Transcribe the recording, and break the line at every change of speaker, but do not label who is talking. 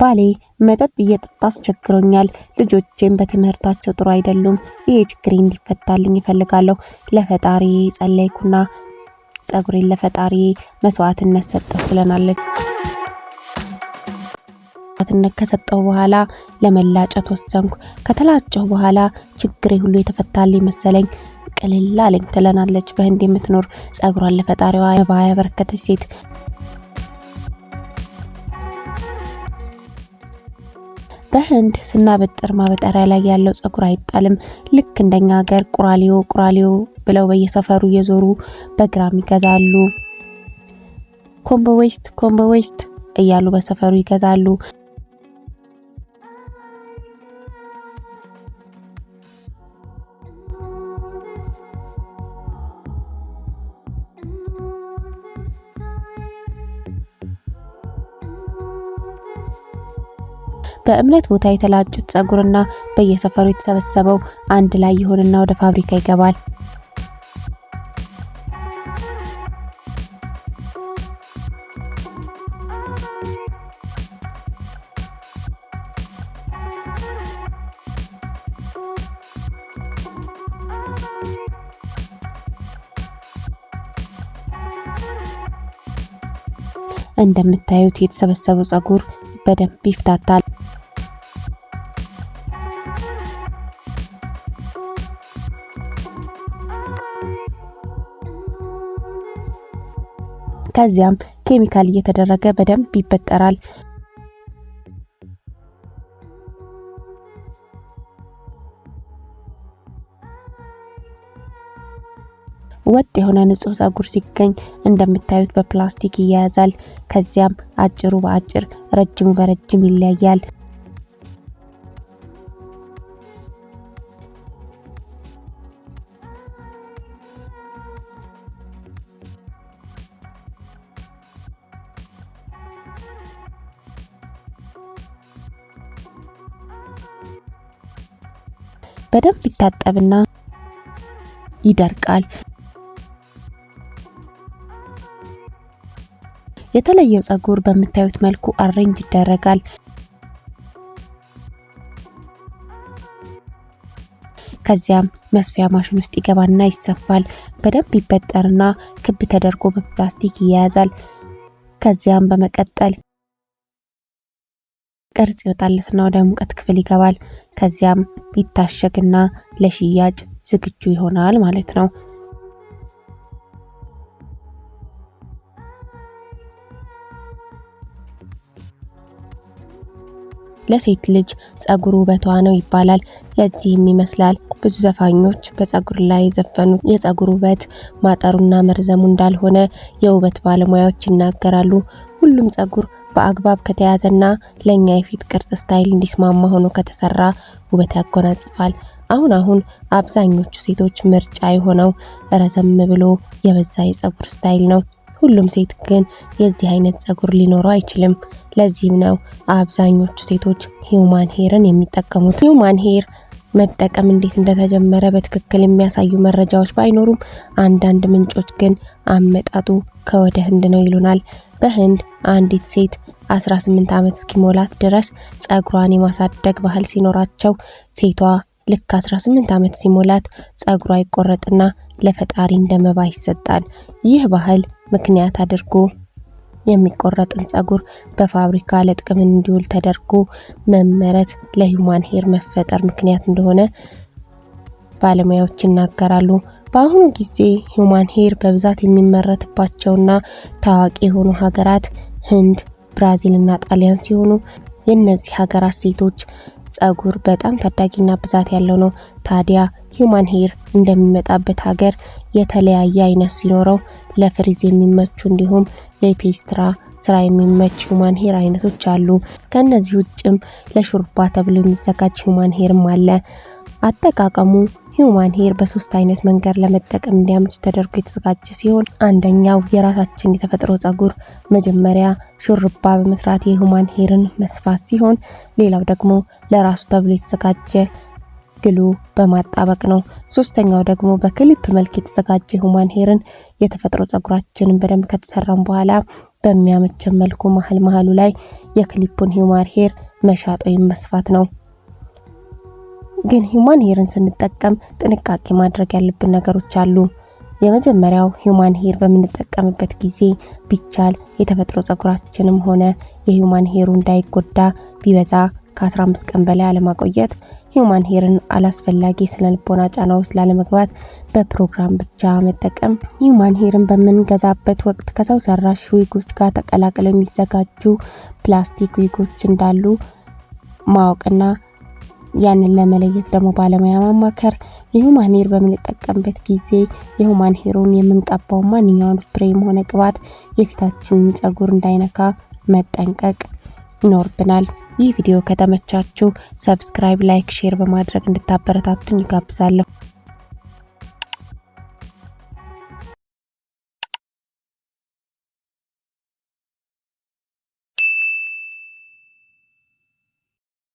ባሌ መጠጥ እየጠጣ አስቸግሮኛል። ልጆቼም በትምህርታቸው ጥሩ አይደሉም። ይሄ ችግሬ እንዲፈታልኝ ይፈልጋለሁ። ለፈጣሪ ጸለይኩና ጸጉሬን ለፈጣሪ መስዋዕትነት ሰጠሁ ትለናለች። መስዋዕትነት ከሰጠሁ በኋላ ለመላጨት ወሰንኩ። ከተላጨሁ በኋላ ችግሬ ሁሉ የተፈታልኝ መሰለኝ ቅልል አለኝ ትለናለች። በህንድ የምትኖር ጸጉሯን ለፈጣሪዋ መባ ያበረከተች ሴት በህንድ ስናበጥር ማበጠሪያ ላይ ያለው ጸጉር አይጣልም። ልክ እንደኛ ሀገር ቁራሌዎ ቁራሌዎ ብለው በየሰፈሩ እየዞሩ በግራም ይገዛሉ። ኮምቦ ዌስት ኮምቦ ዌስት እያሉ በሰፈሩ ይገዛሉ። በእምነት ቦታ የተላጩት ጸጉርና በየሰፈሩ የተሰበሰበው አንድ ላይ ይሆንና ወደ ፋብሪካ ይገባል። እንደምታዩት የተሰበሰበው ጸጉር በደንብ ይፍታታል። ከዚያም ኬሚካል እየተደረገ በደንብ ይበጠራል። ወጥ የሆነ ንጹህ ጸጉር ሲገኝ እንደምታዩት በፕላስቲክ ይያያዛል። ከዚያም አጭሩ በአጭር ረጅሙ በረጅም ይለያያል። በደንብ ይታጠብና ይደርቃል። የተለየ ጸጉር በምታዩት መልኩ አሬንጅ ይደረጋል። ከዚያም መስፊያ ማሽን ውስጥ ይገባና ይሰፋል። በደንብ ይበጠርና ክብ ተደርጎ በፕላስቲክ ይያያዛል። ከዚያም በመቀጠል ቅርጽ ይወጣለትና ወደ ሙቀት ክፍል ይገባል። ከዚያም ይታሸግና ለሽያጭ ዝግጁ ይሆናል ማለት ነው። ለሴት ልጅ ጸጉር ውበቷ ነው ይባላል። ለዚህም ይመስላል ብዙ ዘፋኞች በጸጉር ላይ የዘፈኑት የጸጉር ውበት ማጠሩና መርዘሙ እንዳልሆነ የውበት ባለሙያዎች ይናገራሉ። ሁሉም ጸጉር በአግባብ ከተያዘና ለእኛ የፊት ቅርጽ ስታይል እንዲስማማ ሆኖ ከተሰራ ውበት ያጎናጽፋል። አሁን አሁን አብዛኞቹ ሴቶች ምርጫ የሆነው ረዘም ብሎ የበዛ የጸጉር ስታይል ነው። ሁሉም ሴት ግን የዚህ አይነት ጸጉር ሊኖረው አይችልም። ለዚህም ነው አብዛኞቹ ሴቶች ሂውማን ሄርን የሚጠቀሙት። ሂውማን ሄር መጠቀም እንዴት እንደተጀመረ በትክክል የሚያሳዩ መረጃዎች ባይኖሩም አንዳንድ ምንጮች ግን አመጣጡ ከወደ ህንድ ነው ይሉናል። በህንድ አንዲት ሴት 18 ዓመት እስኪሞላት ድረስ ጸጉሯን የማሳደግ ባህል ሲኖራቸው ሴቷ ልክ 18 ዓመት ሲሞላት ጸጉሯ ይቆረጥና ለፈጣሪ እንደመባ ይሰጣል። ይህ ባህል ምክንያት አድርጎ የሚቆረጥን ጸጉር በፋብሪካ ለጥቅም እንዲውል ተደርጎ መመረት ለሂውማን ሄር መፈጠር ምክንያት እንደሆነ ባለሙያዎች ይናገራሉ። በአሁኑ ጊዜ ሂውማን ሄር በብዛት የሚመረትባቸውና ታዋቂ የሆኑ ሀገራት ህንድ፣ ብራዚል እና ጣሊያን ሲሆኑ የእነዚህ ሀገራት ሴቶች ጸጉር በጣም ታዳጊና ብዛት ያለው ነው። ታዲያ ሂውማን ሄር እንደሚመጣበት ሀገር የተለያየ አይነት ሲኖረው ለፍሪዝ የሚመቹ እንዲሁም ለፔስትራ ስራ የሚመች ሁማን ሄር አይነቶች አሉ። ከነዚህ ውጭም ለሹርባ ተብሎ የሚዘጋጅ ሁማን ሄርም አለ። አጠቃቀሙ ሂውማን ሄር በሶስት አይነት መንገድ ለመጠቀም እንዲያመች ተደርጎ የተዘጋጀ ሲሆን አንደኛው የራሳችን የተፈጥሮ ጸጉር መጀመሪያ ሹርባ በመስራት የሂውማን ሄርን መስፋት ሲሆን፣ ሌላው ደግሞ ለራሱ ተብሎ የተዘጋጀ ግሉ በማጣበቅ ነው። ሶስተኛው ደግሞ በክሊፕ መልክ የተዘጋጀ ሂውማን ሄርን የተፈጥሮ ጸጉራችንን በደንብ ከተሰራም በኋላ በሚያመቸን መልኩ መሀል መሀሉ ላይ የክሊፑን ሂውማን ሄር መሻጥ ወይም መስፋት ነው። ግን ሂውማን ሄርን ስንጠቀም ጥንቃቄ ማድረግ ያለብን ነገሮች አሉ። የመጀመሪያው ሂውማን ሄር በምንጠቀምበት ጊዜ ቢቻል የተፈጥሮ ጸጉራችንም ሆነ የሂውማን ሄሩ እንዳይጎዳ ቢበዛ ከ15 ቀን በላይ አለማቆየት፣ ሂውማን ሄርን አላስፈላጊ ስነ ልቦና ጫና ውስጥ ላለመግባት በፕሮግራም ብቻ መጠቀም፣ ሂውማን ሄርን በምንገዛበት ወቅት ከሰው ሰራሽ ዊጎች ጋር ተቀላቅለው የሚዘጋጁ ፕላስቲክ ዊጎች እንዳሉ ማወቅና ያንን ለመለየት ደግሞ ባለሙያ ማማከር፣ የሁማን ሄር በምንጠቀምበት ጊዜ የሁማን ሄሩን የምንቀባው ማንኛውን ፍሬም ሆነ ቅባት የፊታችንን ጸጉር እንዳይነካ መጠንቀቅ ይኖርብናል። ይህ ቪዲዮ ከተመቻችሁ ሰብስክራይብ፣ ላይክ፣ ሼር በማድረግ እንድታበረታቱኝ ይጋብዛለሁ።